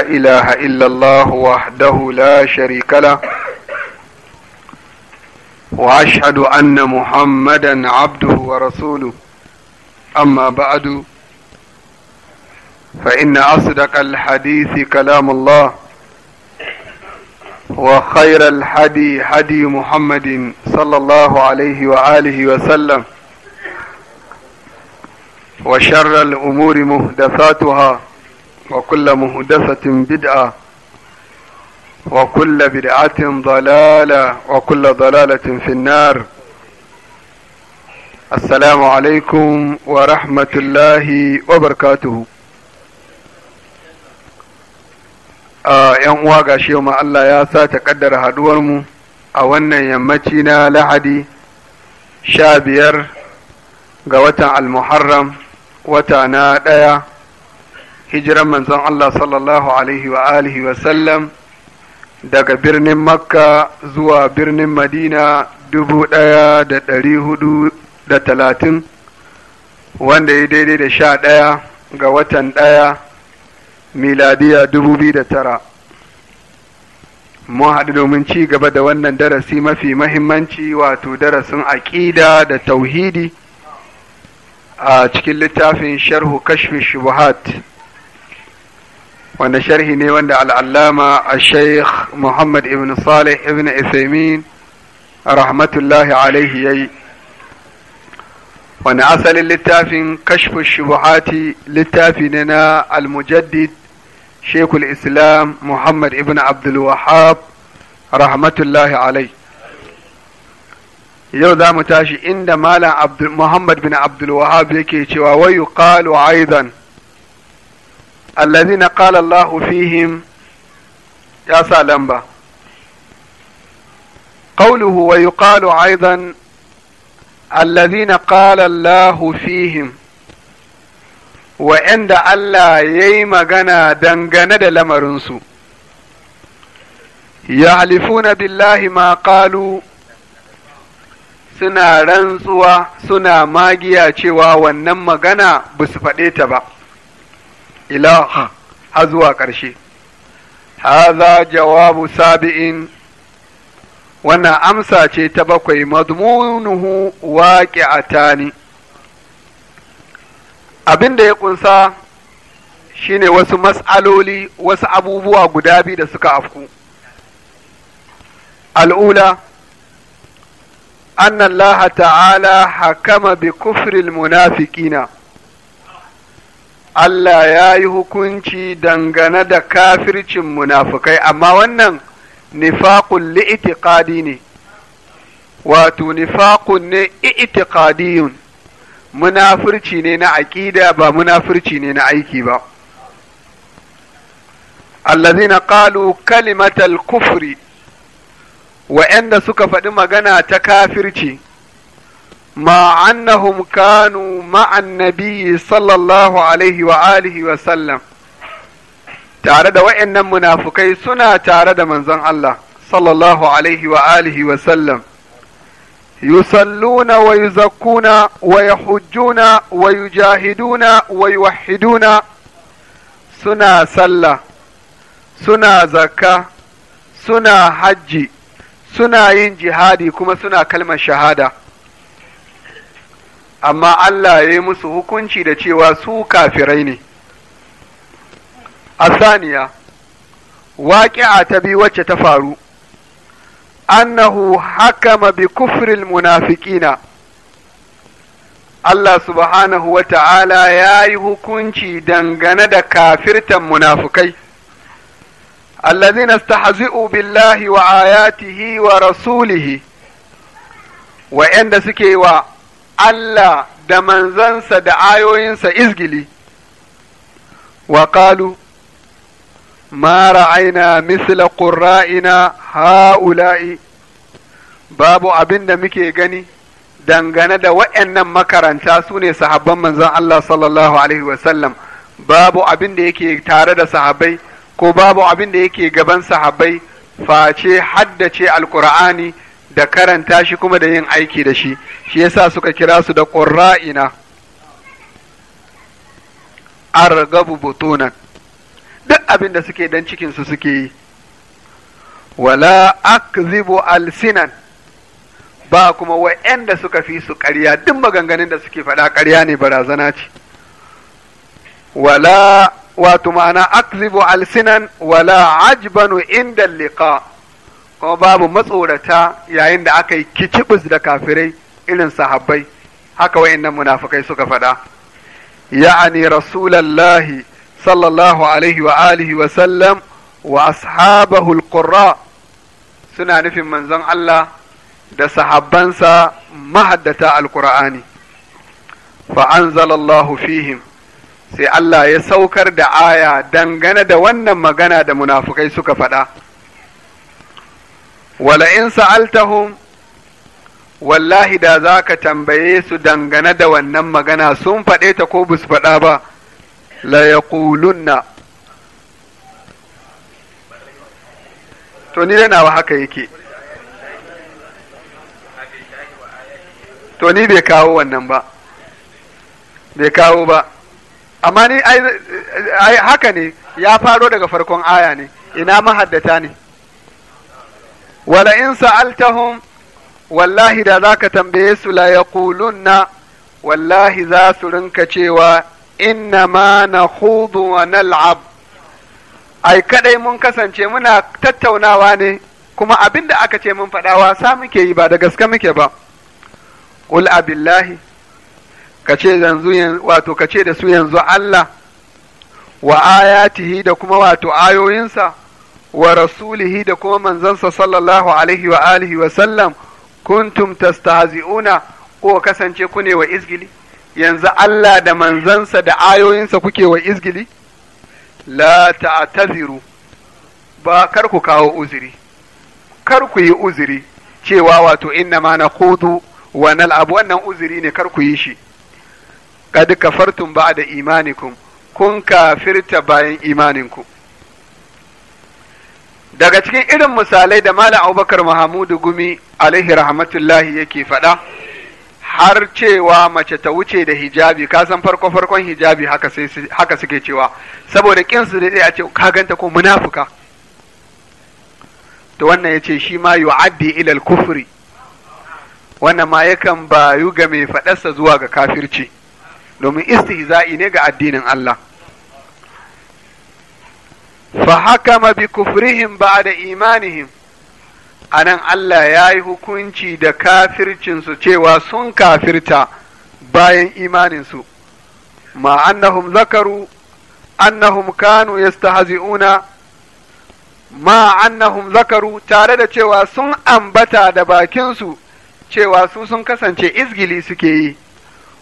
لا إله إلا الله وحده لا شريك له وأشهد أن محمدا عبده ورسوله أما بعد فإن أصدق الحديث كلام الله وخير الحدي حدي محمد صلى الله عليه وآله وسلم وشر الأمور مهدفاتها وكل مهدسة بدعة وكل بدعة ضلالة وكل ضلالة في النار السلام عليكم ورحمة الله وبركاته ‘yan uwa ga shi ma Allah ya sace kaddara haduwarmu a wannan yammaci na lahadi sha biyar ga watan al-muharram wata na ɗaya hijiran manzon Allah sallallahu alaihi wa alihi wa daga birnin Makka zuwa birnin Madina dubu ɗaya da ɗari hudu da talatin wanda ya daidai da sha ɗaya ga watan ɗaya miladiya dubu biyu da tara mun haɗu domin ci gaba da wannan darasi mafi mahimmanci wato darasin aƙida da tauhidi a cikin littafin sharhu kashfi shubuhat wanda sharhi ne wanda al'allama a sheikh muhammad ibn salih ibn isaimin rahmatullahi alaihi ya yi Wani asalin littafin kashfu shubuhati littafi ne na al-mujaddid shekul islam muhammad ibn abdulwahab rahmatullahi alaihi yau za mu tashi inda malam muhammad bin abdulwahab yake cewa wayu qalu aidan allazina qala Allahu fihim ya sa lamba قوله ويقال أيضا الذين قال الله فيهم وعند الله يما غنا دنغنا دلمرنسو يحلفون بالله ما قالوا suna rantsuwa suna magiya cewa wannan magana ba su faɗe ta ba. ilaha har zuwa ƙarshe haza jawabu sabi'in wannan amsa ce ta bakwai madmunuhu waqi'atani abin da ya kunsa shine wasu mas'aloli wasu abubuwa guda biyu da suka afku al'ula أن ta'ala hakama bi kufril المنافقين Allah ya yi hukunci dangane da kafircin munafukai, amma wannan nifaƙun li'itiƙadi ne, wato nifaƙun ne itiƙadiyun, munafirci ne na aƙida ba munafirci ne na aiki ba. Allazina qalu kalimatal kufri, wa'yanda suka faɗi magana ta kafirci. مع أنهم كانوا مع النبي صلى الله عليه وآله وسلم tare da wa'yannan munafukai suna tare da manzon Allah sallallahu alaihi wa alihi wa sallam yusalluna wa yuzakkuna wa yahujjuna wa yujahiduna wa yuwahhiduna suna sallah suna zakka suna hajji suna yin jihadi kuma suna kalmar shahada amma Allah ya yi musu hukunci da cewa su kafirai ne asaniya waƙi'a ta bi wacce ta faru annahu hakama bi kufril munafiƙina Allah subhanahu wa ta'ala ya yi hukunci dangane da kafirtan munafukai billahi wa ayatihi wa rasulihi ورسوله suke wa. Allah da manzansa da ayoyinsa izgili, wa ƙalu, ma ra'aina misla ƙura'ina ha'ula'i, babu abin da muke gani dangane da waɗannan makaranta su ne sahabban manzan Allah sallallahu Alaihi wasallam, babu abin da yake tare da sahabai ko babu abin da yake gaban sahabai face haddace al alkur'ani da karanta shi kuma da yin aiki da shi shi yasa suka kira su da ƙurra'ina argabu butunan duk abin da suke dan cikinsu suke yi wala akzibu alsinan ba kuma wa'yanda suka fi su ƙarya duk maganganun da suke faɗa ƙarya ne barazana ce wala wato ma'ana akzibu alsinan wala ajbanu inda liqa kuma babu matsorata yayin da aka yi kicibis da kafirai irin sahabbai haka wayannan munafukai suka faɗa ya'ani rasulallahi sallallahu alaihi wa alihi wa sallam wa ashabahu alqurra suna nufin manzon Allah da sahabbansa mahaddata alqur'ani fa anzalallahu fihim sai Allah ya saukar da aya dangane da wannan magana da munafukai suka faɗa wala in sa'altahum wallahi da za ka tambaye su dangane da wannan magana sun faɗe ta ko bus faɗa ba la yaqulunna to ni dai wa haka yake to ni bai kawo wannan ba bai kawo ba amma ni ai haka ne ya faro daga farkon aya ne ina mahaddata ne wala in sa'altahum wallahi da zaka tambaye su la yaqulunna wallahi za su rinka cewa inna ma nakhudu wa nal'ab ai kadai mun kasance muna tattaunawa ne kuma abinda aka ce mun faɗa wasa muke yi ba da gaske muke ba qul abillahi kace yanzu wato kace da su yanzu Allah wa ayatihi da kuma wato ayoyinsa wa rasulihi da kuma manzansa sallallahu alaihi wa alihi wa sallam kuntum tastahzi'una ko kasance ku ne wa izgili yanzu Allah da manzansa da ayoyinsa kuke wa izgili la ta'taziru ba kar ku kawo uzuri kar ku yi uzuri cewa wato inna ma naqudu wa nal'ab wannan uzuri ne kar ku yi shi kad kafartum ba'da imanikum kun kafirta bayan imaninku daga cikin irin misalai da Malam Abubakar Muhammadu Gumi alaihi rahmatullahi yake faɗa har cewa mace ta wuce da hijabi ka san farko farkon hijabi haka suke cewa saboda kin su dai a ce ka ganta ko munafuka to wannan yace shi ma yu'addi ila al-kufri wannan ma yakan bayu ga mai faɗarsa zuwa ga kafirci domin istihza'i ne ga addinin Allah haka mabi فحكم بكفرهم بعد إيمانهم anan Allah ya yi hukunci da kafircinsu cewa sun kafirta bayan imaninsu, ma annahum zakaru, annahum kanu yastahzi'una ma annahum zakaru tare da cewa sun ambata da bakinsu cewa su sun kasance izgili suke yi,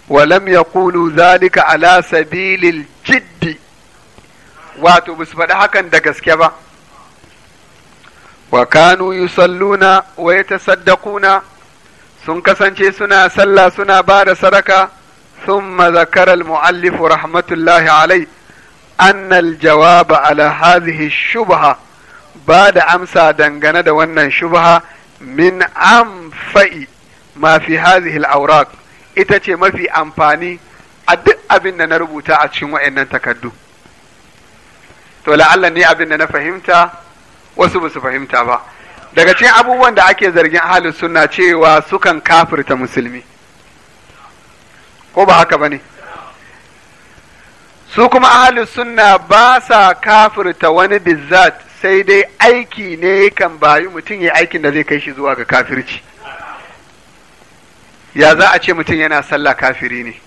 walam ya kulu zalika ala sabilil jiddi. wato ba su faɗi hakan da gaske ba wa kanu yusalluna wa yatasaddaquna sun kasance suna sallah suna bada sadaka sun zakara al-mu'allif rahmatullahi alai anna al-jawaba ala hadhihi shubha ba da amsa dangane da wannan shubha min amfa'i ma fi hadhihi al ita ce mafi amfani a duk abinda na rubuta a cikin waɗannan takardu to la'allan ni abin da na fahimta wasu ba su fahimta ba daga cikin abubuwan da ake zargin ahlus sunna cewa sukan kafirta musulmi ko ba haka bane su kuma ahlus sunna ba sa kafirta wani bizzat sai dai aiki ne kan bayu mutum ya aikin da zai kai shi zuwa ga kafirci ya za a ce mutum yana sallah kafiri ne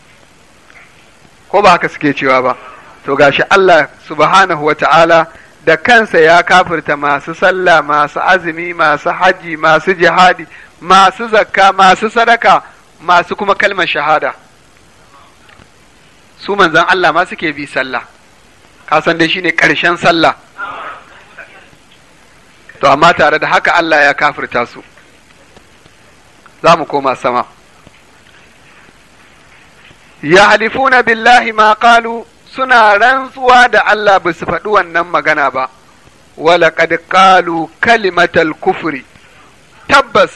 ko ba haka suke cewa ba to gashi Allah subhanahu wa ta'ala da kansa ya kafirta masu sallah masu azumi masu haji masu jihadi masu zakka masu sadaka masu kuma kalmar shahada su manzan Allah ma suke bi sallah kasan dai shine karshen sallah to amma tare da haka Allah ya kafirta su za mu koma sama يحلفون بالله ما قالوا suna rantsuwa da Allah ba su faɗi wannan magana ba, walaƙad ƙalu kalimatal kufri, tabbas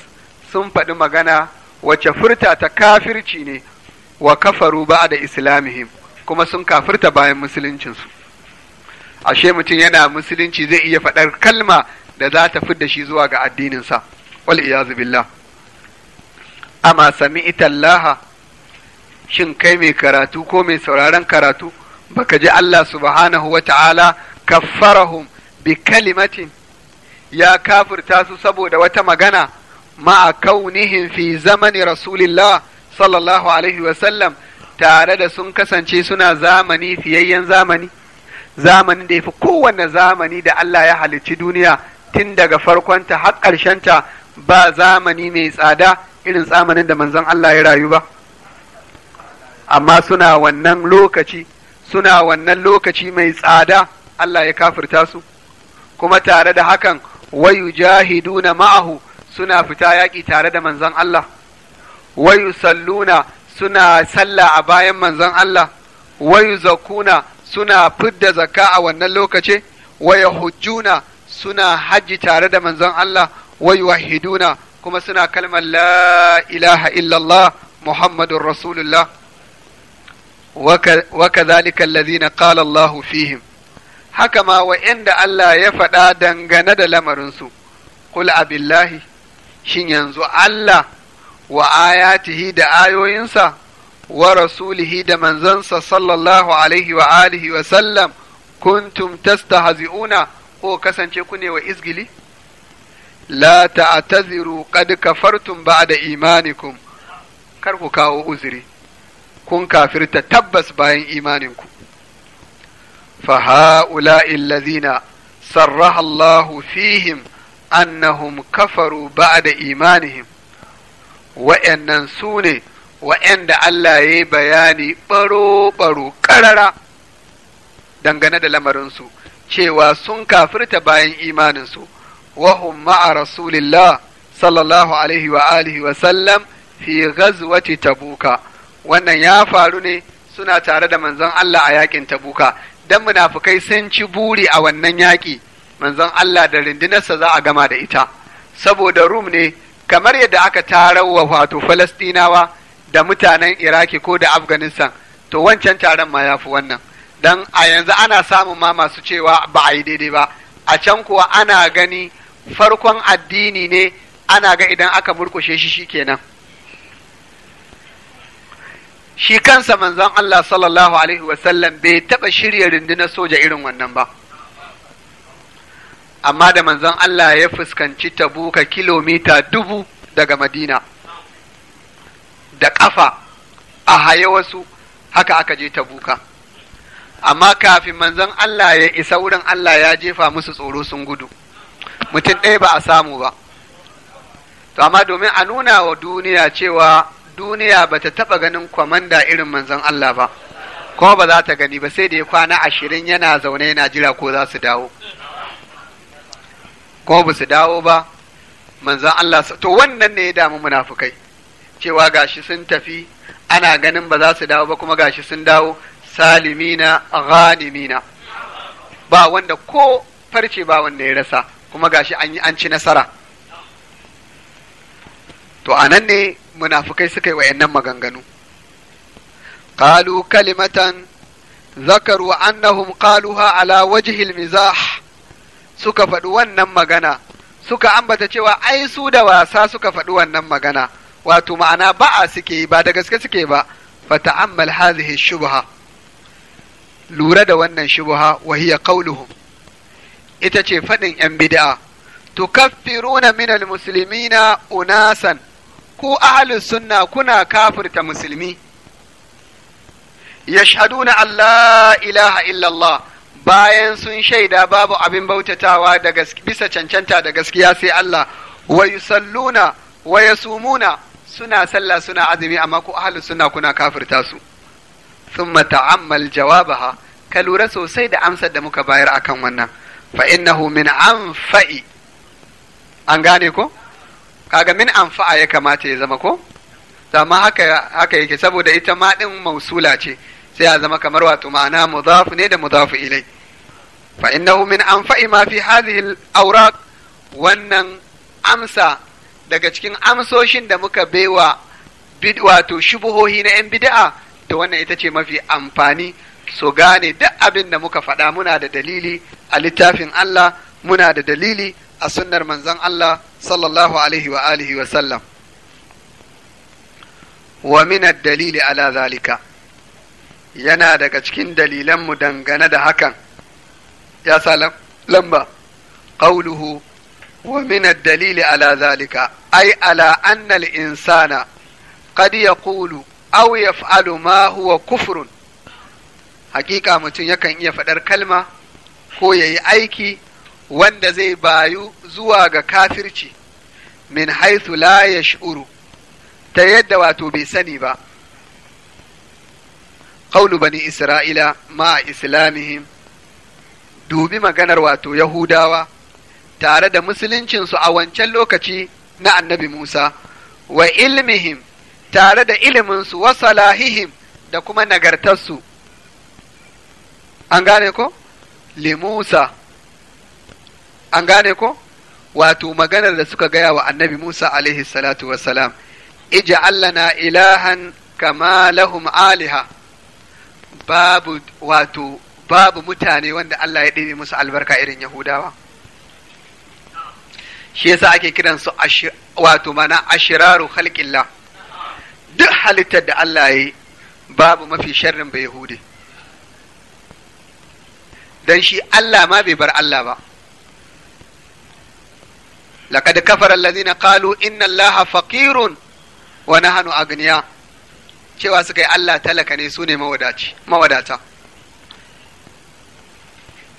sun faɗi magana wacce furta ta kafirci ne wa kafaru ba da islamihim, kuma sun kafirta bayan musuluncinsu. Ashe mutum yana musulunci zai iya faɗar kalma da za ta fidda shi zuwa ga addininsa, wal Amma sami itallaha, shin kai mai karatu ko mai sauraron karatu? baka ji Allah subhanahu wa ta'ala kaffarahum bi kalimatin ya kafirta su saboda wata magana ma'a kaunihin fi zamani rasulillah sallallahu alaihi wasallam tare da sun kasance suna zamani fiyayyen zamani zamani da ya fi kowane zamani da Allah ya halicci duniya tun daga farkonta har ƙarshenta ba zamani mai tsada irin zamanin da manzon Allah ya rayu ba amma suna wannan lokaci suna wannan lokaci mai tsada Allah ya kafirta su kuma tare da hakan wayu jahiduna ma'ahu suna fita yaƙi tare da manzon Allah wayu salluna suna sallah a bayan manzon Allah wayu zakuna suna fidda zakka a wannan lokaci waya hujjuna suna hajji tare da manzon Allah wayu wahiduna kuma suna kalmar la ilaha illallah muhammadun rasulullah وكذلك الذين قال الله فيهم haka ma wa'yanda Allah ya faɗa dangane da lamarinsu, Kul abillahi, shin yanzu Allah wa ayatihi da ayoyinsa, wa rasulihi da manzansa sallallahu alaihi wa alihi wa sallam, kuntum tastahzi'una ko kasance kune wa izgili? La ta'taziru qad kafartum ba'da imanikum, kar ku kawo uziri. kun kafirta tabbas bayan imaninku fa ha'ula'i allazina sarraha Allahu fihim annahum kafaru ba'da imanihim wa'annan su ne wa'anda Allah ya yi bayani baro-baro ƙarara dangane da lamarinsu cewa sun kafirta bayan imaninsu wahum ma'a rasulillah sallallahu alaihi wa wa sallam fi ghazwati tabuka wannan ya faru ne suna tare da manzon Allah a yakin tabuka dan munafukai sun ci buri a wannan yaƙi manzon Allah da rindinarsa za a gama da ita saboda rum ne kamar yadda aka tarawa wato falastinawa da mutanen iraki ko da afghanistan to wancan taron ma ya fi wannan dan a yanzu ana samun ma masu cewa ba a yi daidai ba a can kuwa ana gani farkon addini ne ana ga idan aka murkushe shi shikenan kenan shi kansa manzon Allah sallallahu alaihi wasallam bai taɓa shirya rundunar soja irin wannan ba amma da manzon Allah ya fuskanci tabuka kilomita dubu daga madina da ƙafa a haye wasu haka aka je tabuka amma kafin manzon Allah ya isa wurin Allah ya jefa musu tsoro sun gudu mutum ɗaya ba a samu ba to amma domin a nuna wa duniya cewa duniya ba ta taɓa ganin kwamanda irin manzon Allah ba ko ba za ta gani ba sai da ya kwana ashirin yana zaune yana jira ko za su dawo ko ba su dawo ba manzon Allah to wannan ne ya damu munafukai cewa gashi sun tafi ana ganin ba za su dawo ba kuma gashi sun dawo salimina ghanimina ba wanda ko farce ba wanda ya rasa kuma gashi an an ci nasara to anan ne munafukai suka yi wayannan maganganu qalu kalimatan zakaru annahum qaluha ala wajhil mizah suka faɗi wannan magana suka ambata cewa ai su da wasa suka faɗi wannan magana wato ma'ana ba'a suke yi ba da gaske suke ba fata'ammal hadhihi shubha lura da wannan shubha wa hiya ita ce faɗin 'yan bida'a tukaffiruna minal musulmina unasan ku ahlus sunna kuna kafirta musulmi yashhaduna an Allah ilaha illallah bayan sun shaida babu abin bautatawa da bisa cancanta da gaskiya sai Allah wa yusalluna wa yasumuna suna sallah suna azumi amma ku ahlus sunna kuna kafirta su thumma ta'ammal jawabaha ka lura sosai da amsa da muka bayar akan wannan fa innahu min anfa'i an gane ko kaga min anfa'a ya kamata ya zama ko amma haka haka yake saboda ita ma din mausula ce sai ya zama kamar wato ma'ana mudafu ne da mudafu ilai fa innahu min anfa'i ma fi hadhihi al-awraq wannan amsa daga cikin amsoshin da muka baiwa bid wato shubuhohi na yan bid'a to wannan ita ce mafi amfani so gane duk abin da muka faɗa muna da dalili a littafin Allah muna da dalili a sunnar manzon Allah sallallahu alaihi wa alihi wa sallam wa min dalili ala zalika yana daga cikin dalilanmu dangane da hakan ya sa lamba qawluhu wa min dalili ala zalika ay ala anna al-insana qad yaqulu aw yaf'alu ma huwa kufrun hakika mutum yakan iya faɗar kalma ko ya yi aiki wanda zai bayu zuwa ga kafirci min haithu la yash'uru ta yadda wato bai sani ba qawlu bani isra'ila ma islamihim dubi maganar wato yahudawa tare da musuluncinsu a wancan lokaci na annabi musa wa ilmihim tare da iliminsu wa salahihim da kuma nagartarsu an gane ko Limusa. an gane ko wato maganar da suka gaya wa annabi Musa alaihi salatu wassalam ij'al lana ilahan kama lahum aliha babu wato babu mutane wanda Allah ya ɗebe musu albarka irin Yahudawa shi yasa ake kiran su wato mana ashiraru khalqillah duk halittar da Allah ya yi babu mafi sharrin bai Yahudi dan shi Allah ma bai bar Allah ba laqad kafara allazina qalu inna allaha faqirun wa nahnu cewa suka yi Allah talaka ne su ne mawadata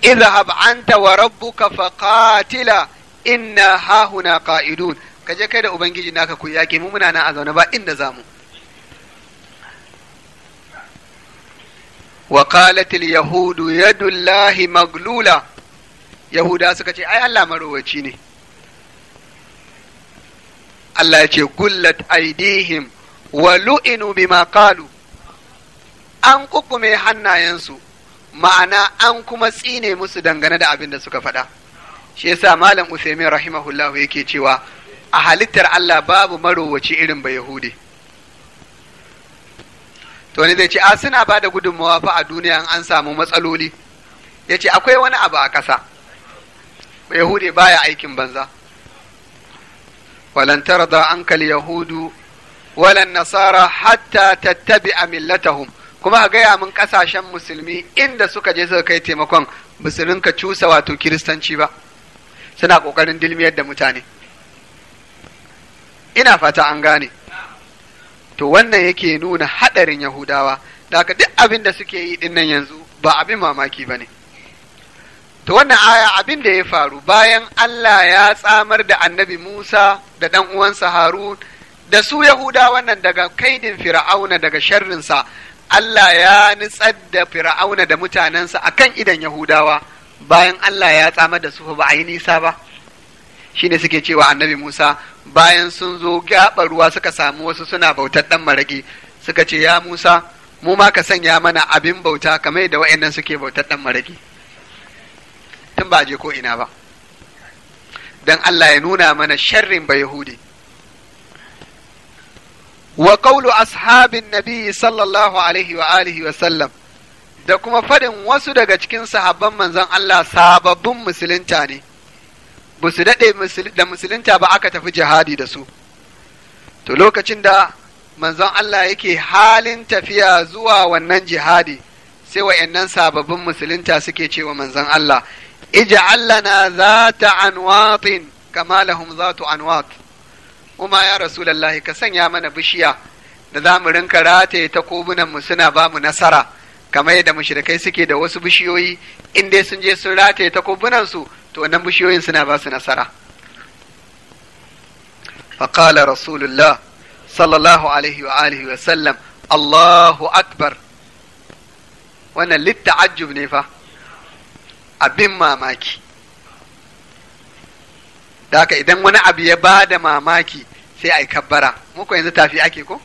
idhab anta wa rabbuka faqatila inna hahuna qa'idun kaje kai da ubangiji naka ku yaƙi mu muna nan a zaune ba inda zamu wa qalat al yahudu yadullahi maglula yahuda suka ce ai Allah marowaci ne Allah ya ce gullat aidihim wa lu'inu bima qalu an kukume hannayensu ma'ana an kuma tsine musu dangane da abin da suka faɗa shi yasa malam Usaimin rahimahullah yake cewa a halittar Allah babu marowaci irin ba Yahudi to ne zai ce a suna ba da gudunmawa fa a duniya an samu matsaloli ya ce akwai wani abu a ƙasa Yahudi baya aikin banza walan tarda ankal yahudu walan nasara hatta tattabi'a millatahum kuma a gaya min kasashen musulmi inda suka je suka kai taimakon musulun ka cusa wato kiristanci ba suna kokarin dilmiyar da mutane ina fata an gane to wannan yake nuna hadarin yahudawa da abin da suke yi dinnan yanzu ba abin mamaki ba ne to wannan aya abin da ya faru bayan Allah ya tsamar da annabi Musa da ɗan uwansa Harun da su Yahuda wannan daga kaidin Fir'auna daga sharrinsa Allah ya nitsar da Fir'auna da mutanensa a kan idan Yahudawa bayan Allah ya tsamar da su ba a yi nisa ba Shi ne suke cewa annabi Musa bayan sun zo gaɓa ruwa suka samu wasu suna bautar ɗan maraƙi suka ce ya Musa mu ma ka sanya mana abin bauta kamar da waɗannan suke bautar ɗan maraƙi tun ba a je ko ina ba Don Allah ya nuna mana sharrin ba Yahudi wa kaulu ashabin nabi sallallahu alaihi wa alihi wa sallam da kuma fadin wasu daga cikin sahabban manzon Allah sababbin musulunta ne ba su daɗe da musulunta ba aka tafi jihadi da su to lokacin da manzon Allah yake halin tafiya zuwa wannan jihadi sai wa'annan sababbin musulunta suke cewa manzon Allah اجعل لنا ذات عنواط كما لهم ذات عنواط وما يا رسول الله كسنيا من بشيا da za mu rinka rataye ta mu suna ba mu nasara kamar yadda mushrikai suke da wasu bishiyoyi in dai sun je sun rataye ta su to wannan bishiyoyin suna ba su nasara فقال رسول الله صلى الله عليه وآله وسلم الله أكبر wannan litta'ajjub ne fa abin mamaki da idan wani abu ya ba da mamaki sai a yi kabbara muku yanzu tafi ake ko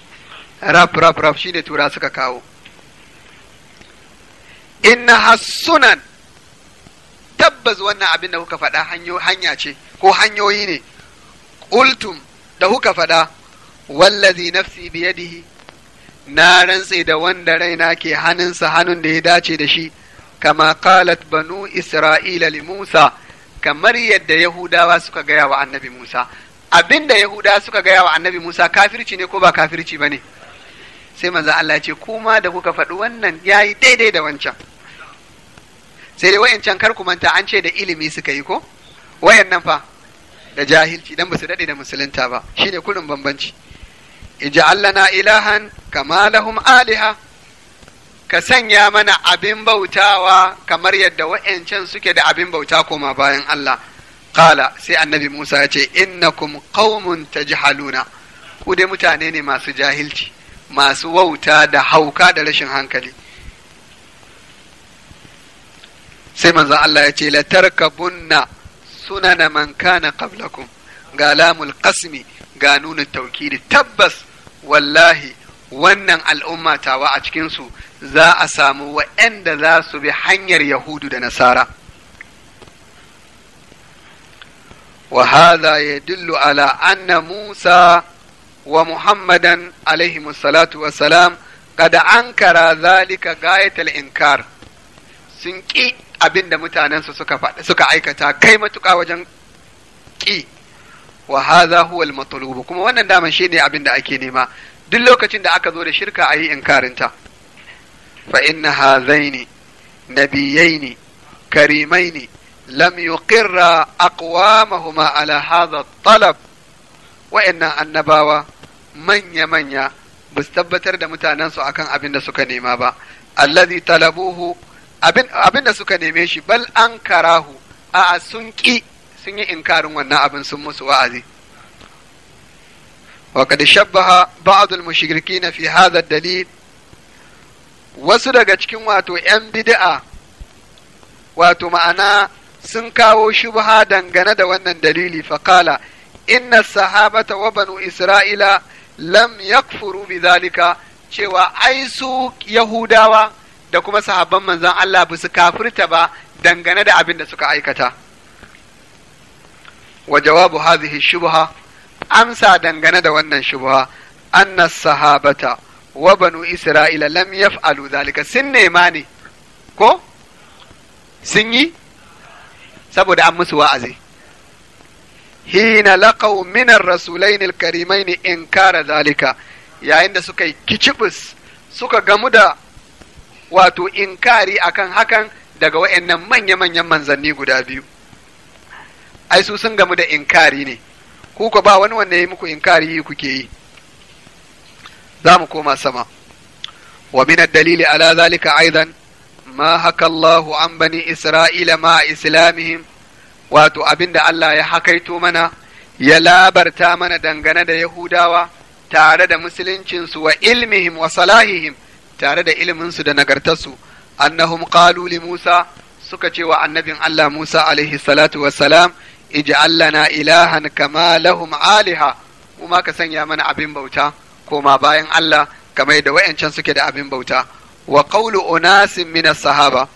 raf raf raf shi ne tura suka kawo inna hassunan tabbas wannan abin da kuka faɗa hanya ce ko hanyoyi ne ultum da kuka faɗa wallazi nafsi biyadihi na rantse da wanda raina ke hannunsa hannun da ya dace da shi kama qalat banu isra'ila li Musa kamar yadda Yahudawa suka gaya wa annabi Musa abinda Yahudawa suka gaya wa annabi Musa kafirci ne ko ba kafirci ne? sai maza Allah ce kuma da kuka faɗi wannan yayi daidai da wancan sai dai wayancan kar ku manta an ce da ilimi suka yi ko wayannan fa da jahilci dan basu daɗe da musulunta ba shine kurin bambanci ij'al lana ilahan kama lahum aliha ka sanya mana abin bautawa kamar yadda wa'yancan suke da abin bauta koma bayan Allah kala sai annabi Musa ya ce innakum qaumun tajhaluna ku dai mutane ne masu jahilci masu wauta da hauka da rashin hankali sai manzon Allah ya ce la suna na man kana qablakum ga lamul kasmi ga nuna tauki tabbas wallahi wannan al'umma tawa a cikinsu za a samu waɗanda za su bi hanyar yahudu da nasara wa hadha yadullu ala anna musa wa muhammadan alaihi salatu wa salam kada ankara zalika gayatul inkar sun ƙi abin da mutanensu suka aikata kai matuƙa wajen ƙi wa hadha huwa al kuma wannan dama shine abin da ake nema duk lokacin da aka zo da shirka a yi inkarinta fa inna hazaini nabiyaini karimaini lam yuqirra aqwamahuma ala hadha talab wa'annan annabawa manya manya ba tabbatar da mutanensu akan abin da suka nema ba allazi talabuhu abin da suka neme shi bal an karahu a sun ƙi sun yi inkarin wannan abin sun musu wa'azi وقد شبه بعض المشركين في هذا الدليل wasu daga cikin wato ‘yan bida'a wato ma'ana sun kawo shubha dangane da wannan dalili faƙala inna sahabata wa banu isra'ila lam yakfuru bi zalika cewa ai su yahudawa da kuma sahabban manzon Allah ba su kafirta ba dangane da abin da suka aikata wa jawabu hadhihi shubha amsa dangane da wannan shubha anna sahabata wa banu isra'ila lam yaf'alu zalika sun nema ne ko sun yi saboda an musu wa'azi hina laqaw min ar-rasulayn al-karimayn inkara zalika yayin da suka yi suka gamu da wato inkari akan hakan daga wayannan manya-manyan manzanni guda biyu ai su sun gamu da inkari ne ku ba wani wanda ya muku inkari kuke yi za mu koma sama wa min dalili ala zalika aidan ma haka Allah an bani Isra'ila ma islamihim wato abinda Allah ya hakaito mana ya labarta mana dangane da Yahudawa tare da musuluncinsu wa ilmihim wa salahihim tare da ilminsu da nagartarsu annahum qalu li Musa suka ce wa annabin Allah Musa alaihi salatu salam. ij'al lana ilahan kama lahum aliha kuma ka sanya mana abin bauta koma bayan Allah kamar da wayancan suke da abin bauta wa qawlu unasin min sahaba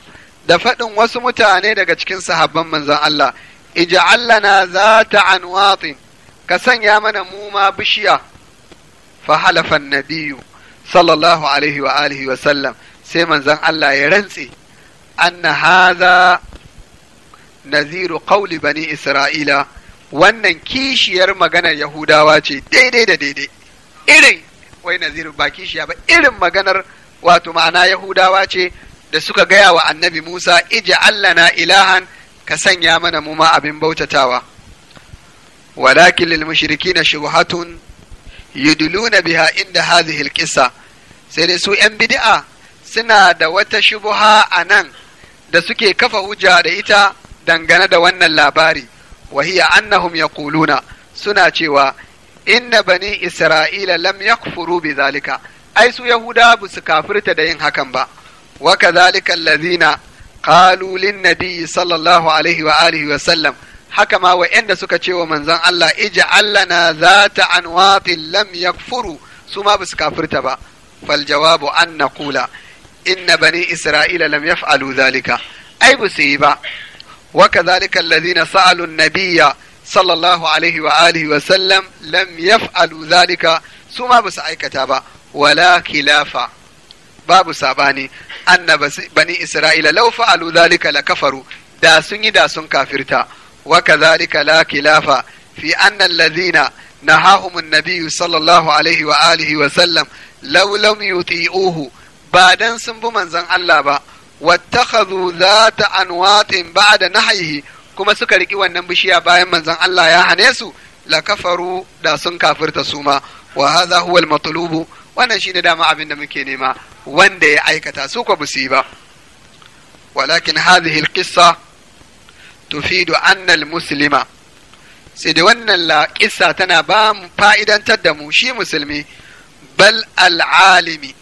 da faɗin wasu mutane daga cikin sahabban manzon Allah ij'al lana zata anwatin ka sanya mana mu ma bishiya fa halafa nabiyyu sallallahu alaihi wa alihi wa sallam sai manzon Allah ya rantse anna hadha naziru qauli bani isra'ila wannan kishiyar maganar yahudawa ce daidai da daidai irin wai naziru ba kishiya ba irin maganar wato ma'ana yahudawa ce da suka gaya wa annabi musa ija allana ilahan ka sanya mana mu ma abin bautatawa walakin lil mushrikina shubhatun yudluna biha inda hadhihi al sai dai su yan bid'a suna da wata shubha anan da suke kafa hujja da ita dangane da wannan labari wa annahum yaquluna suna cewa inna bani isra'ila lam yakfuru bi zalika ai su yahuda ba su kafirta da yin hakan ba wa kadhalika allazina qalu lin sallallahu alaihi wa alihi wa sallam haka ma wa'anda suka ce wa manzon Allah Allah na zata anwatin lam yakfuru su ma ba su kafirta ba fal jawabu an naqula inna bani isra'ila lam yaf'alu zalika ai ba su yi ba وكذلك الذين سألوا النبي صلى الله عليه وآله وسلم لم يفعلوا ذلك ثم بس كتابا ولا خلافا babu sabani anna bani isra'ila law fa'alu dhalika lakafaru da sun yi da sun kafirta wa kadhalika la khilafa fi anna na nahahum an-nabiy sallallahu wa alihi wa sallam law yuti'uhu ba dan sun bi manzon Allah ba wattakhadhu zata da na nahyihi kuma suka riki wannan bishiya bayan manzon Allah ya hane su la kafaru da sun kafirta su ma wa hadha huwa al-matlubu wannan shine dama abin da muke nema wanda ya aikata su ko busi ba walakin hadhihi al-qissa tufidu anna al-muslima sai wannan la tana ba mu fa'idantar da mu shi musulmi bal al'alimi. alimi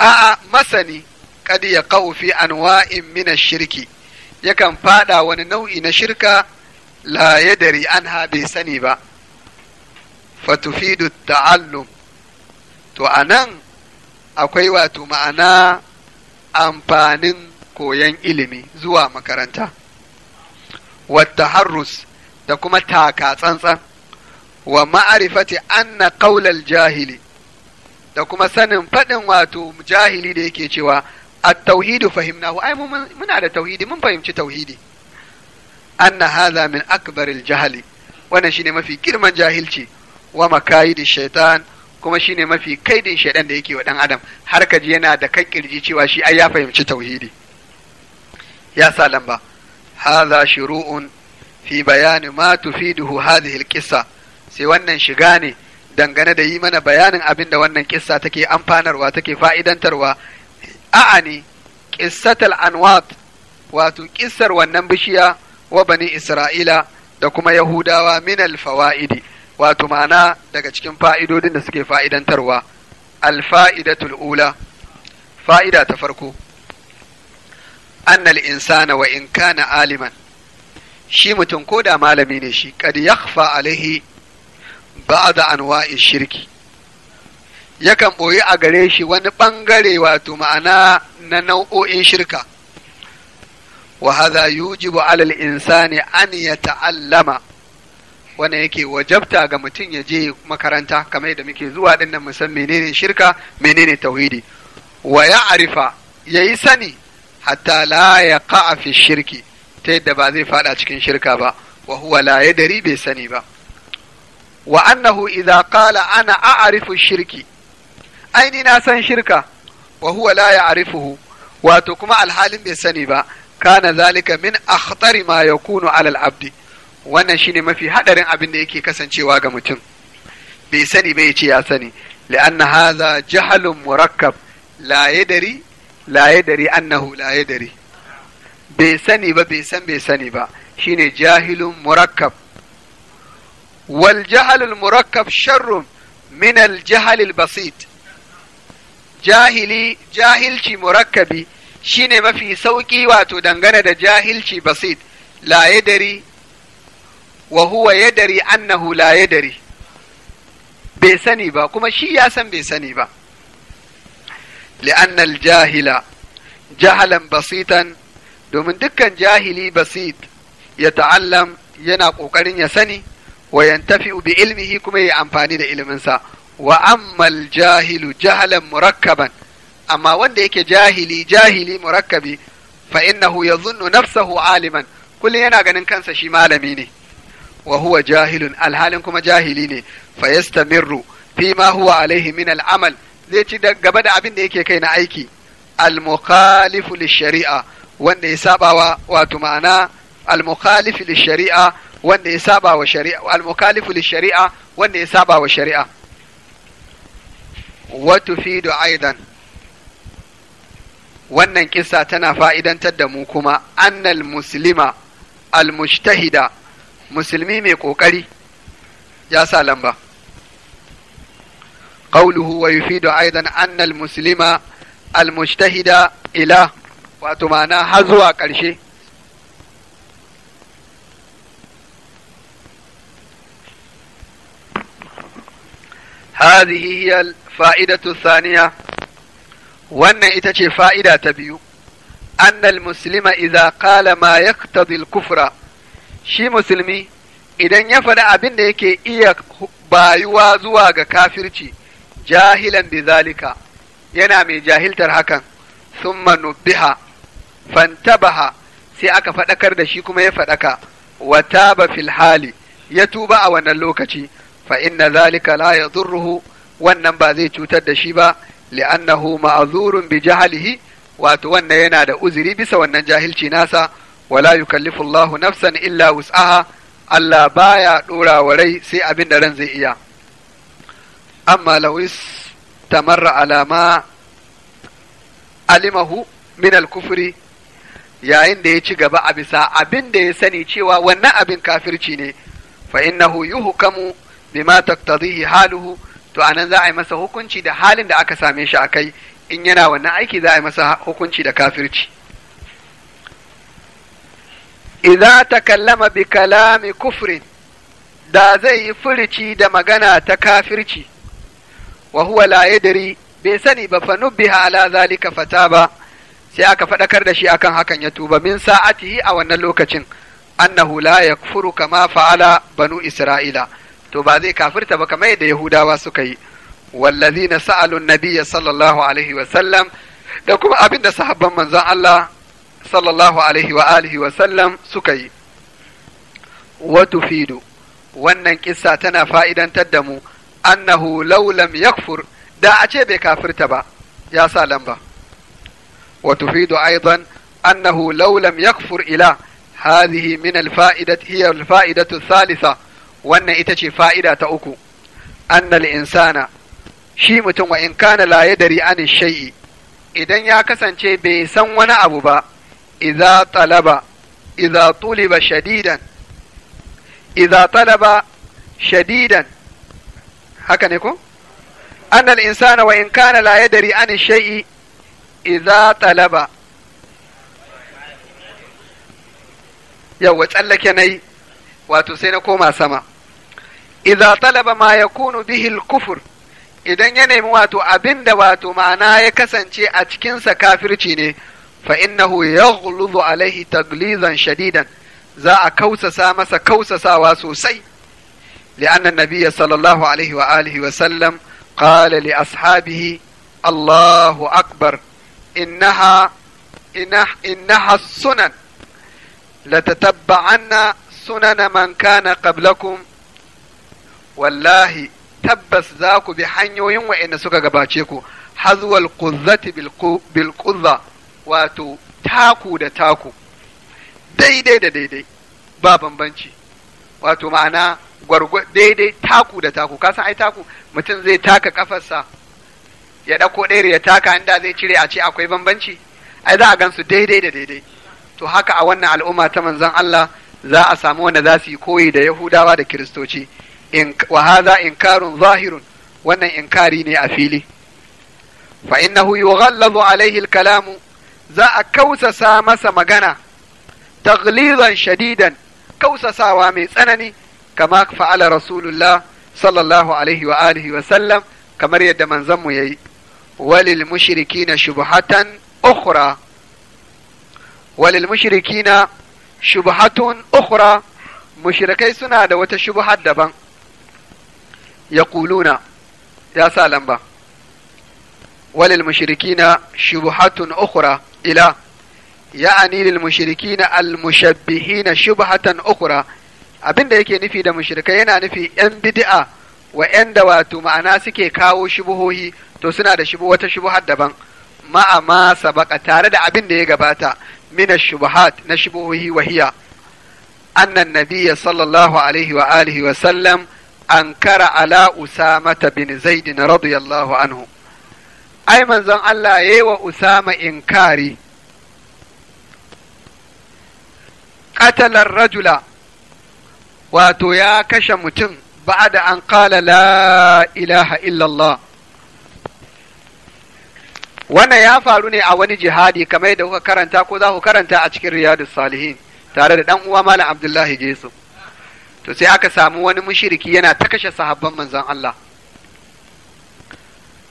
a'a masani Kad ya fi anwa'in mina shirki yakan fada wani nau'i na shirka la yadri anha bai sani ba fatufidu ta'allum to anan akwai wato ma'ana amfanin koyon ilimi zuwa makaranta wata harus, da kuma taka tsantsan wa ma'arifati anna kaular jahili da kuma sanin faɗin wato jahili da yake cewa A tauhidu fahimnahu ai muna da tauhidi mun fahimci tauhidi Annahazamin hadha min akbaril jahali wannan shine mafi girman jahilci wa makayidi shaitan kuma shine mafi kaidin shaitan da yake wa dan adam har kaji yana da kan kirji cewa shi ai ya fahimci tauhidi ya sa lamba hadha shuru'un fi bayani ma tufiduhu hadhihi al-qissa sai wannan shiga ne dangane da yi mana bayanin abinda da wannan kissa take amfanarwa take fa'idantarwa A'a a'ani qissatal anwat wato ƙissar wannan bishiya wa bani isra'ila da kuma yahudawa min alfawa'idi wato ma'ana daga cikin fa'idodin da suke fa'idantarwa alfa'idatul ula fa'ida ta farko annal insana wa in kana aliman shi mutum ko da malami ne shi kad yakhfa alaihi ba'da anwa'i shirki yakan boyi a gare shi wani ɓangare wato ma'ana na nau'o'in shirka wa yujibu alal insani an ya ta'allama wannan yake wajabta ga mutum ya je makaranta kamar yadda muke zuwa din nan musan menene shirka menene tauhidi wa ya arifa ya yi sani hatta la ya ka'a fi shirki ta yadda ba zai fada cikin shirka ba wa huwa la ya dari bai sani ba wa annahu idza qala ana a'rifu shirki aini na san shirka wa huwa la ya'rifuhu wato kuma alhalin bai sani ba kana zalika min akhtar ma ya kunu alal abdi. wannan shine mafi haɗarin abin da yake kasancewa ga mutum bai sani bai ce ya sani li'an hadha jahalun murakkab la yadari la yadari annahu la yadari bai sani ba bai san bai sani ba shine jahilun murakkab wal jahalul murakkab sharrun min al jahalil basit jahili jahilci murakkabi shine mafi sauƙi wato dangane da jahilci basit la yadari wa huwa annahu la bai sani ba kuma shi ya san bai sani ba li'annal jahila jahalan basitan domin dukkan jahili basit ya ta'allam yana ƙoƙarin ya sani wa yantafi bi ilmihi kuma ya amfani da iliminsa wa ammal jahilu jahalan murakkaban amma wanda yake jahili jahili murakkabi fa innahu yadhunnu nafsahu aliman kullum yana ganin kansa shi malami ne wa huwa jahilun alhalin kuma jahili ne fa yastamirru fi ma huwa alaihi min al'amal zai ci gaba da abin da yake kai na aiki al-mukhalifu shari'a wanda ya saba wa wato ma'ana al-mukhalifu wanda ya saba wa shari'a al-mukhalifu wanda ya saba wa shari'a وتفيد أيضا wannan kisa tana fa'idantar da mu kuma annal muslima al-mushtahida musulmi mai ƙoƙari ya sa lamba ƙauluhu wa yufidu aidan annal muslima al-mushtahida ila wato ma'ana har zuwa ƙarshe هذه هي alfa'idatu saniya wannan ita ce fa'ida ta biyu annal muslima idza qala ma yaqtadi al-kufra shi musulmi idan ya faɗi abin da yake iya bayuwa zuwa ga kafirci jahilan bizalika yana mai jahiltar hakan summa nubbiha fantabaha sai aka faɗakar da shi kuma ya faɗaka wata ba filhali ya tuba a wannan lokaci fa inna zalika la yadurruhu wannan ba zai cutar da shi ba li'annahu ma'azurun bi jahalihi wato wannan yana da uzuri bisa wannan jahilci nasa wala yukallifu Allahu nafsan illa wus'aha Allah baya dora wa rai sai abin da ran zai iya amma law tamarra alama alimahu min al-kufri yayin da ya ci gaba a bisa abin da ya sani cewa wannan abin kafirci ne fa innahu yuhkamu bima taqtadihi haluhu to a nan za a yi masa hukunci da halin da aka same shi a kai in yana wannan aiki za a yi masa hukunci da kafirci iza ta kallama bi kalami kufrin da zai yi furici da magana ta kafirci wa huwa la yadri bai sani ba fa nubbiha ala zalika ba, sai aka faɗakar da shi akan hakan ya tuba min sa'atihi a wannan lokacin annahu la yakfuru kama fa'ala banu isra'ila to ba zai kafirta ba kamar yadda yahudawa suka yi wallazina sa'alu Nabiya, sallallahu alaihi wa sallam da kuma abin da sahabban manzon Allah sallallahu alaihi wa alihi wa sallam suka yi Watu tufidu wannan kissa tana fa'idantar da mu annahu laulam yakfur da a ce bai kafirta ba ya sa lamba Watu tufidu aizan annahu laulam yakfur ila hadhihi min al hiya al-fa'idatu ath wannan ita ce fa'ida ta uku annal insana shi mutum wa in kana la yadri an idan ya kasance bai san wani abu ba iza talaba idza tuliba shadidan idza talaba shadidan haka ne ko annal insana wa in kana la yadri an shay'i talaba yawa tsallake nayi wato sai na koma sama idza talaba ma yakunu bihi al-kufr idan ya nemi wato abinda wato ma'ana ya kasance a cikinsa kafirci ne fa innahu yaghludu alaihi taglizan shadidan za a kausasa masa kausasawa sosai لأن النبي صلى الله عليه وآله وسلم قال لأصحابه الله أكبر إنها إنها, إنها السنن لتتبعن سنن من كان قبلكم wallahi tabbas za ku bi hanyoyin wa'inda suka gabace ku hazwal quzzati bil quzza wato taku da taku daidai da daidai ba bambanci wato ma'ana gwargo daidai taku da taku ka san ai taku mutum zai taka kafarsa ya ɗauko ɗaya ya taka inda zai cire a ce akwai bambanci ai za a gansu daidai da daidai to haka a wannan al'umma ta manzon Allah za a samu wanda za su yi koyi da Yahudawa da Kiristoci Wahaza hadha inkarun zahirun wannan inkari ne a fili fa innahu yughallazu alaihi al-kalamu za a kausasa masa magana taklizan shadidan kausasawa mai tsanani kama fa'ala rasulullah sallallahu alaihi wa alihi wa sallam kamar yadda manzon mu yayi walil mushrikina shubhatan ukhra walil shubhatun ukhra mushrikai suna da wata shubhar daban yaquluna ya sa lamba walil mushrikina shubhatun ukhra ila ya'ani lil mushrikina al mushabbihina shubhatan abinda yake nufi da mushrikai yana nufi yan bid'a wa yan da wato ma'ana suke kawo shubuhohi to suna da shubu wata shubuhar daban ma'a ma sabaka tare da abin da ya gabata mina shubuhat na shubuhohi wahiya annan nabiya sallallahu alaihi wa alihi wa sallam ankara ala usamata bin zaidin radiyallahu anhu ai manzon Allah ya yi wa usama inkari katalar rajula wato ya kashe mutum da an qala la ilaha illallah wannan ya faru ne a wani jihadi kamar yadda kuka karanta ko za ku karanta a cikin riyadus salihin tare da dan uwa malam abdullahi jesu to sai aka samu wani mushiriki yana ta kashe sahabban manzon Allah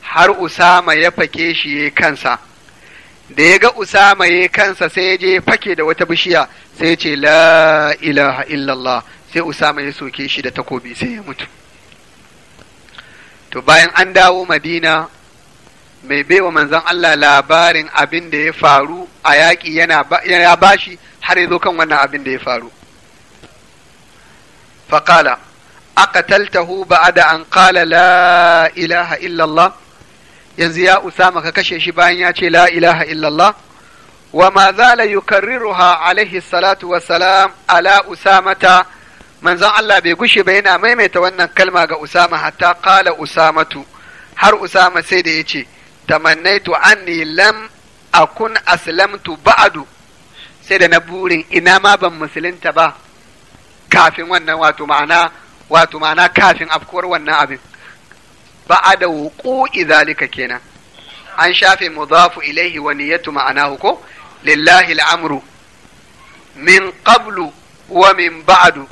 har Usama ya fake shi ya kansa da ya ga Usama ya kansa sai ya je fake da wata bishiya sai ya ce la ilaha illallah sai Usama ya soke shi da takobi sai ya mutu to bayan an dawo Madina mai baiwa manzon Allah labarin abin da ya faru a yaƙi yana ba shi har ya zo kan wannan abin da ya faru فقال أقتلته بعد أن قال لا إله إلا الله ينزيا أسامة كشي شبان لا إله إلا الله وما زال يكررها عليه الصلاة والسلام على أسامة من زعل الله بيقش بين ميمة وأن كلمة أسامة حتى قال أسامة هر أسامة سيدي da ya ce, Tamannaitu anni lam akun aslamtu ba'adu sai da na kafin wannan wato ma'ana wato ma'ana kafin afkuwar wannan abin ba'ada wuku zalika kenan an shafe mudafu ilaihi wa niyyatu ma'anahu ko lillahi al'amru min qablu wa min ba'du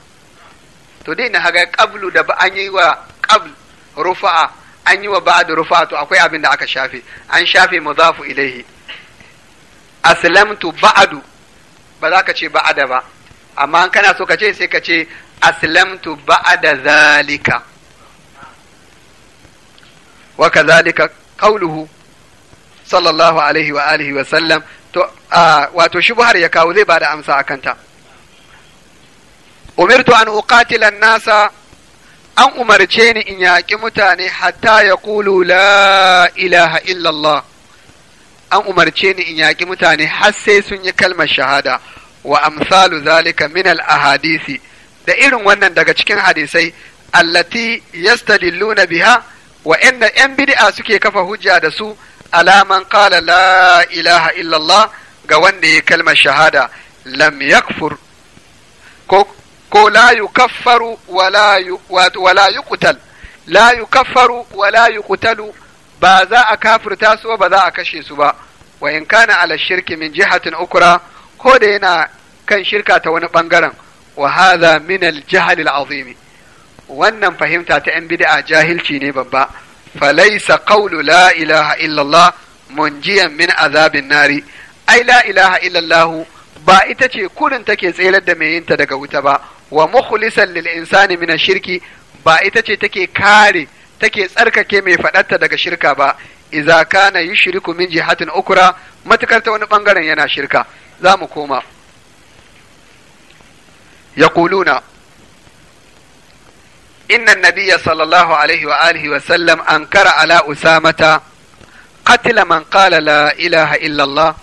to dai na haga qablu da ba an yi wa qabl rufa'a an yi ba'du rufa'a to akwai abin da aka shafe an shafe mudafu ilaihi aslamtu ba'du ba za ka ce ba'ada ba amma kana so ka ce sai ka ce aslamtu ba'da zalika wa kadhalika qawluhu sallallahu alaihi wa alihi wa sallam to wato shubhar ya kawo zai bada amsa akan ta umirtu an uqatila nasa an umarce ni in yaƙi mutane hatta ya ƙulu la ilaha illallah an umarce ni in yaƙi mutane har sai sun yi kalmar shahada wa amsalu zalika min al ahadisi da irin wannan daga cikin hadisai allati yastadilluna biha wa inda yan bid'a suke kafa hujja da su alaman qala la ilaha illallah ga wanda ya kalmar shahada lam yakfur ko ko la yukaffaru wala wala yuqtal la yukaffaru wala yuqtalu ba za a kafirta su ba za a kashe su ba wa in kana ala shirki min jihatin ukra ko da yana kan shirka ta wani ɓangaren wa hadha min al-jahl wannan fahimta ta yan bid'a jahilci ne babba falaysa qawlu la ilaha illallah munjiyan min azabin nari ai la ilaha illallah ba ita ce kurin take tserar da mai yinta daga wuta ba wa mukhlisan lil insani min shirki ba ita ce take kare take tsarkake mai faɗarta daga shirka ba idza kana yushriku min jihatin ukra matukar ta wani bangaren yana shirka za mu koma yaquluna inna nabiyya sallallahu alaihi wa alihi wa sallam ankara ala usamata qatila man qala la ilaha illa Allah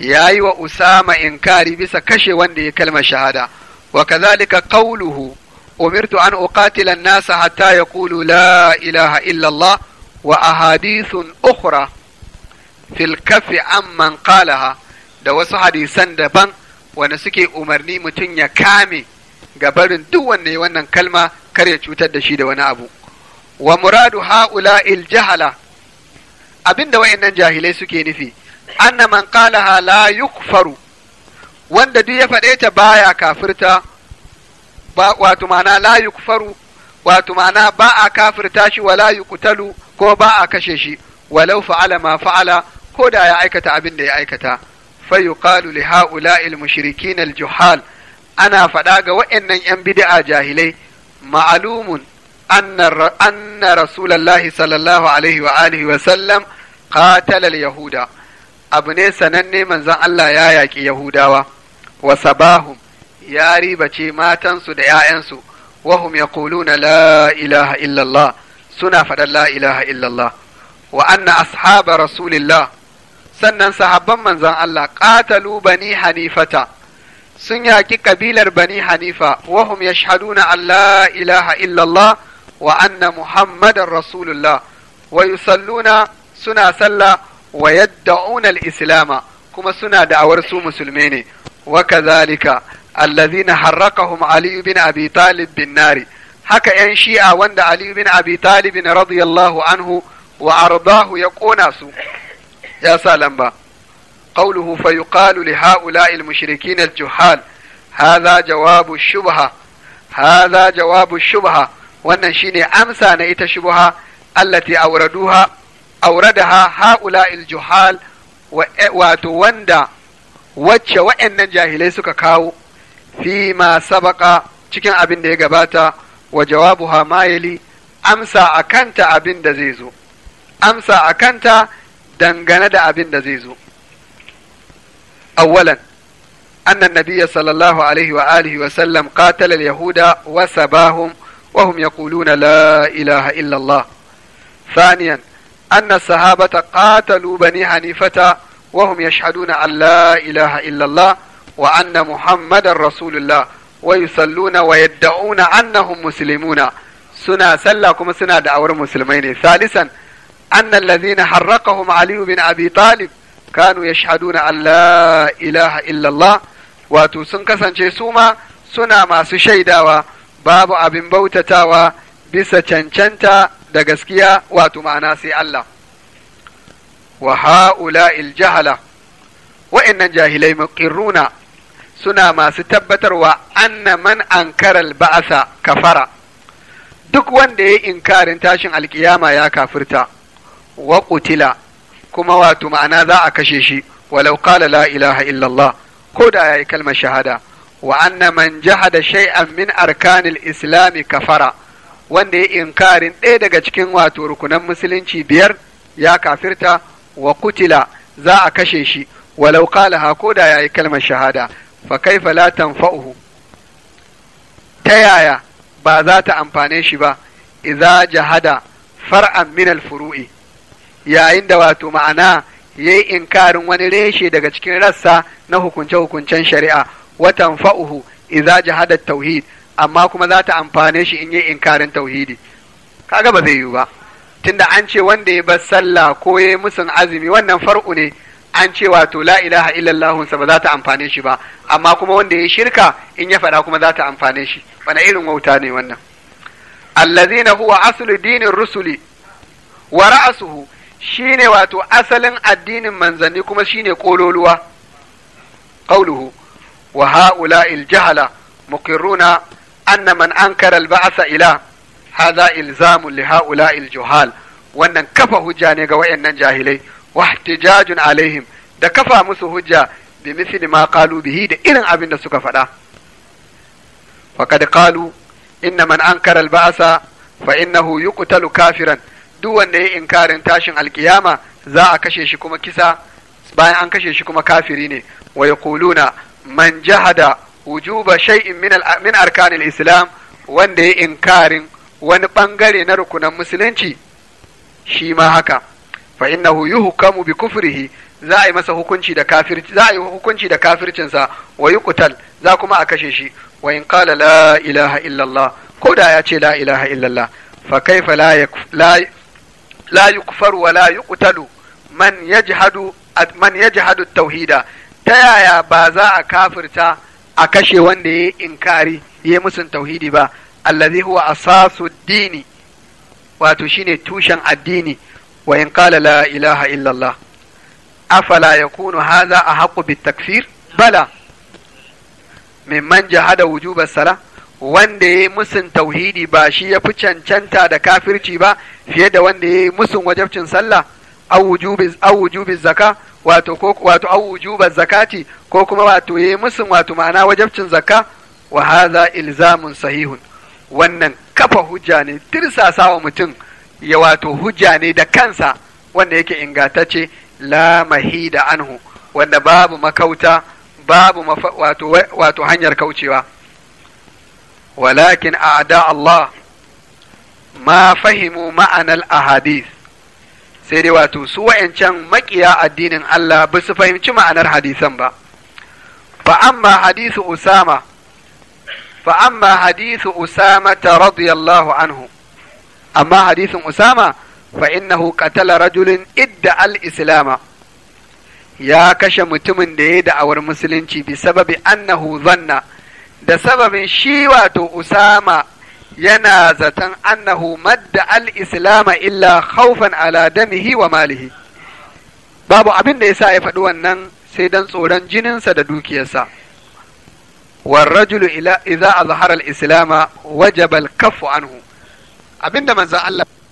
yayi wa usama inkari bisa kashe wanda ya kalmar shahada wa kazalika qawluhu umirtu an uqatila an-nasa hata yaqulu la ilaha illa Allah wa ahadithun ukhra fil kafi amman da wasu hadisan daban wanda suke umarni mutum ya kame ga barin duk wanne wannan kalma kar ya cutar da shi da wani abu wa muradu ha'ula il jahala abinda wayannan jahilai suke nufi anna man qalaha la yukfaru wanda duk ya faɗe ta baya kafirta ba wato ma'ana la yukfaru wato ma'ana ba a kafirta shi wala yuqtalu ko ba a kashe shi walau fa'ala ma fa'ala ko da ya aikata abin da ya aikata fa yuqalu li ha'ula'i al-mushrikin al ana faɗa ga waɗannan 'yan bid'a jahilai ma'alumun anna anna rasulullahi sallallahu alaihi wa alihi wa sallam qatala yahuda abu ne sananne manzan Allah ya yaƙi yahudawa wa sabahum ya ribace matansu da 'ya'yansu wahum yaquluna la ilaha illallah suna faɗan la ilaha illallah wa anna ashaba rasulillah sannan sahabban manzan Allah ƙatalu bani hanifata sun yaƙi kabilar bani hanifa wahum yashhaduna allah ilaha illallah wa anna muhammadar rasulullah wa yusalluna suna sallah wa yadda'una al-islama kuma suna da'awar su musulmi ne wa kazalika allazina harraqahum ali bin abi talib bin nari haka yan shi'a wanda ali bin abi talib radiyallahu anhu wa ardahu ya kona su ya sa lamba qawluhu fa yuqalu li ha'ula'i al juhal shubha hadha shubha wannan shine amsa na ita shubha allati awraduha awradaha ha'ula'i juhal wato wanda wacce jahilai suka kawo cikin abin da ya gabata wa jawabu ma amsa akanta abin da zai zo amsa kanta dangane da abin da zai zo awwalan annan nabiyya sallallahu alaihi wa alihi wa sallam qatala yahuda wa sabahum wa hum yaquluna la ilaha illa Allah thaniyan anna sahabata qatalu bani hanifata wa hum yashhaduna an la ilaha illa Allah wa anna muhammadar rasulullah wa yusalluna wa yad'una annahum muslimuna suna sallah kuma suna da'awar musulmai ne salisan أن الذين حرقهم علي بن أبي طالب كانوا يشهدون أن لا Ilaha إلا الله wato sun kasance su ma suna masu shaidawa babu abin bautatawa bisa cancanta da gaskiya wato ma'ana sai Allah wa ha'ula'il jahala wa'annan jahilai muqirruna suna masu tabbatarwa anna man ankarar ba'asa kafara duk wanda ya yi inkarin tashin alkiyama ya kafirta wa qutila kuma wato ma'ana za a kashe shi walau qala la ilaha illallah ko da yayi kalmar shahada wa anna man jahada shay'an min arkanil islami kafara wanda ya inkarin ɗaya daga cikin wato rukunan musulunci biyar ya kafirta wa kutila za a kashe shi walau qala ko da yayi kalmar shahada fa kaifa la tanfa'uhu ta yaya ba za ta amfane shi ba idza jahada far'an min al-furu'i yayin da wato ma'ana ya yi inkarin wani reshe daga cikin rassa na hukunce-hukuncen shari'a watan fa'uhu idza jahada tauhid amma kuma za ta amfane shi in yi inkarin tauhidi kaga ba zai yiwu ba tunda an ce wanda ya bar sallah ko ya yi musun azumi wannan far'u ne an ce wato la ilaha illallah sa ba za ta amfane shi ba amma kuma wanda ya shirka in ya faɗa kuma za ta amfane shi wani irin wauta ne wannan allazina huwa aslu dinin rusuli wa ra'asuhu shine wato asalin addinin manzanni kuma shine kololuwa qauluhu wa ha'ula'il jahala muqirruna anna man ankara ba'asa ila hadha ilzamu li ha'ula'il juhal wannan kafa hujja ne ga wayannan jahilai wa ihtijajun alaihim da kafa musu hujja bi misli ma qalu bihi da irin abin da suka faɗa faqad qalu inna man ankara al-ba'sa fa innahu yuqtalu kafiran duk wanda ya inkarin tashin alkiyama za a kashe shi kuma kisa bayan an kashe shi kuma kafiri ne wa yaquluna man jahada wujuba shay'in min min arkanil islam wanda ya inkarin wani bangare na rukunan musulunci shi ma haka fa innahu yuhkamu bi kufrihi za a yi masa hukunci da kafirci za a yi hukunci da kafircinsa wa yuqtal za kuma a kashe shi wa in qala la ilaha illallah ko da ya ce la ilaha illallah fa kaifa la la yukfar wa la yuqtalu man yajhadu man tauhida ta yaya ba za a kafirta a kashe wanda ya inkari ya musu tauhidi ba allazi huwa asasu dini wato shine tushen addini wa in qala la ilaha illa Allah afala yakunu hadha ahqqu bitakfir bala mimman jahada wujuba salah wanda ya yi musun tauhidi ba shi ya fi cancanta da kafirci ba fiye da wanda ya yi musun wajabcin sallah au zaka wato ko zakati ko kuma wato ya yi musun wato ma'ana wajabcin zakka wa haza ilzamun sahihun wannan kafa hujja ne tirsasawa mutum ya wato hujja ne da kansa wanda yake ingantacce la da anhu wanda babu makauta babu wato hanyar kaucewa ولكن أعداء الله ما فهموا معنى الأحاديث sai dai wato su wa'ancan makiya addinin Allah ba su fahimci ma'anar hadisan ba fa amma hadisu usama fa amma hadisu usama anhu amma hadisin usama fa innahu rajulin idda al-islama ya kashe mutumin da ya da'awar musulunci bi annahu zanna da sababin shi wato Usama yana zaton annahu madda al-islama illa khawfan ala damihi wa malihi babu abin da yasa ya faɗi wannan sai dan tsoron jininsa da dukiyarsa والرجل إذا أظهر الإسلام وجب الكف عنه abinda manzon Allah